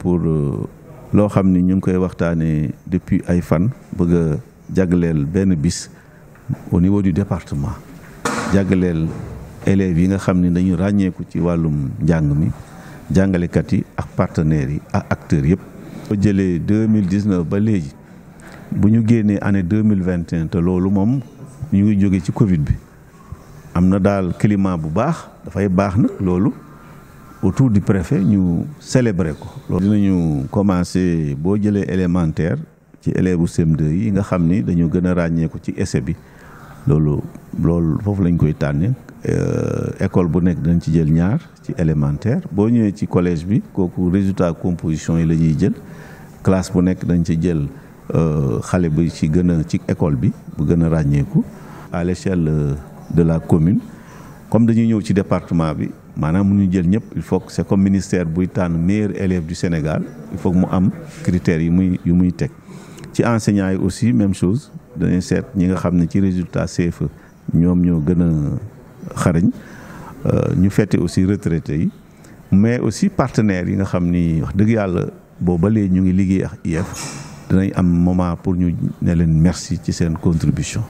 pour euh, loo xam ni ñu ngi koy waxtaanee depuis ay fan bëgg a jagleel benn bis au niveau du département jagleel élèves yi nga xam ni dañu ràññeeku ci wàllum njàng mi jàngalekat yi ak partenaires yi ak acteurs yëpp. boo jëlee deux mille dix neuf ba léegi bu ñu génnee année deux mille vingt et te loolu moom ñu ngi jóge ci Covid bi am na daal climat bu baax dafay baax na loolu. autour du préfet ñu célébrer ko. loolu ñu commencé boo jëlee élémentaire ci élèves bu cm yi nga xam ni dañu gën a ràññeeku ci essai bi loolu loolu foofu lañ koy tànne euh, école bu nekk dañ ci jël ñaar ci élémentaire boo ñëwee ci collège bi kooku résultat composition yi la ñuy jël classe bu nekk dañ ci jël euh, xale bi ci gën a ci école bi bu gën a ràññeeku. à l'échelle euh, de la commune comme dañuy ñëw ci département bi. maanaam mu ñu jël ñëpp il faut que c'est comme ministère buy tànn meilleur élève du Sénégal il faut mu am critères yi muy yu muy teg ci enseignants yi aussi même chose dañuy seet ñi nga xam ne ci résultat CFE ñoom ñoo gën a xarañ euh, ñu fete aussi retraités yi mais aussi partenaires yi nga xam ni wax dëgg yàlla boobalee ñu ngi liggéey ak IEF danañ am moment pour ñu ne leen merci ci seen contribution